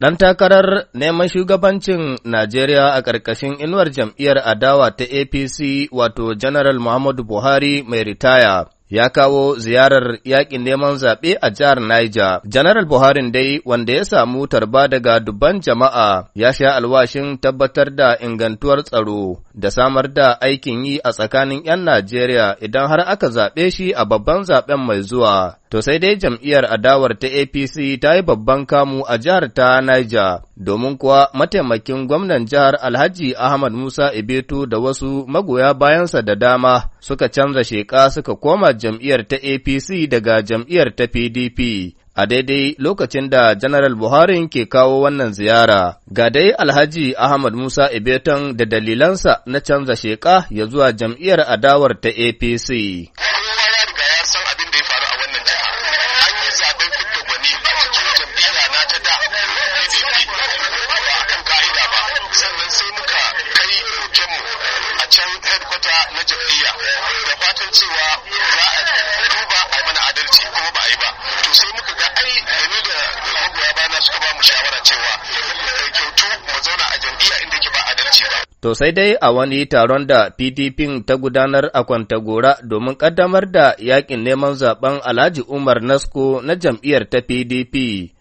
Ɗan takarar neman shugabancin Najeriya a ƙarƙashin inuwar jam'iyyar adawa ta APC wato General Muhammadu Buhari mai ritaya. ya kawo ziyarar yaƙin neman zaɓe a jihar Niger. Janaral Buhari dai wanda ya samu tarba daga dubban jama'a ya sha alwashin tabbatar da ingantuwar tsaro da samar da aikin yi a tsakanin 'yan Najeriya idan har aka zaɓe shi a babban zaɓen mai zuwa. To sai dai jam'iyyar adawar ta APC ta yi babban kamu a jihar ta Niger, domin kuwa mataimakin gwamnan jihar Alhaji Ahmad Musa Ibetu da wasu magoya bayansa da dama suka canza sheƙa suka koma jam'iyyar ta APC daga jam'iyyar ta PDP. a daidai lokacin da Janaral Buhari ke kawo wannan ziyara. Ga dai Alhaji Ahmad Musa Ibeton da dalilansa na canza sheƙa ya zuwa jam'iyyar adawar ta APC. can headquarter na jam'iyya da fatan cewa za a duba a mana adalci kuma ba a yi ba to sai muka ga ai da abubuwa da magoya bana suka ba mu shawara cewa kyautu mu zauna a jam'iyya inda ke ba adalci ba To sai dai a wani taron da PDP ta gudanar a kwanta gora domin ƙaddamar da yakin neman zaben Alhaji Umar Nasko na jam'iyyar ta PDP.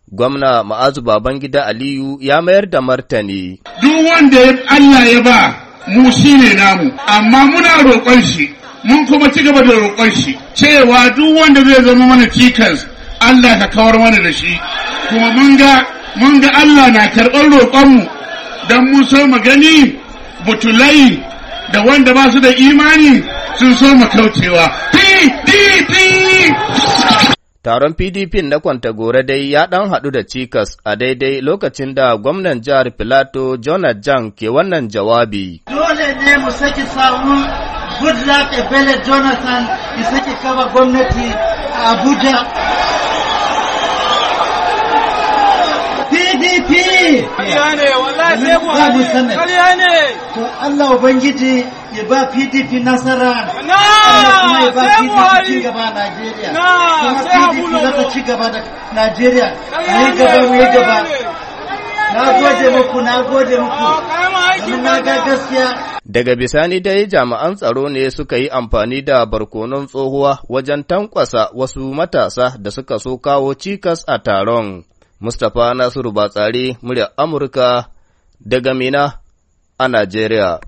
Gwamna Ma'azu Babangida Aliyu ya mayar da martani. Duk wanda Allah ya ba mu shi ne namu amma muna roƙon shi mun kuma ci gaba da roƙon shi cewa duk wanda zai zama mana cikas Allah ka kawar mana da shi kuma mun ga Allah na karɓar roƙonmu don mun so mu gani butulai da wanda ba su da imani sun so mu kaucewa ti ti ti Taron PDP na Kwantagore dai ya ɗan haɗu da cikas a daidai lokacin da gwamnan jihar Filato Jonathan Jan ke wannan jawabi. Dole ne mu saki sawun Goodluck Ebele Jonathan ki saki kaba gwamnati a Abuja. PDP! Kariya ne, To Allah Ubangiji ya ba PDP nasara. Na! a Daga bisani dai jami'an tsaro ne suka yi amfani da barkonon tsohuwa wajen tankwasa wasu matasa da suka so kawo cikas a taron. Mustapha Nasiru Batsari, murya Amurka, daga Mina a Najeriya.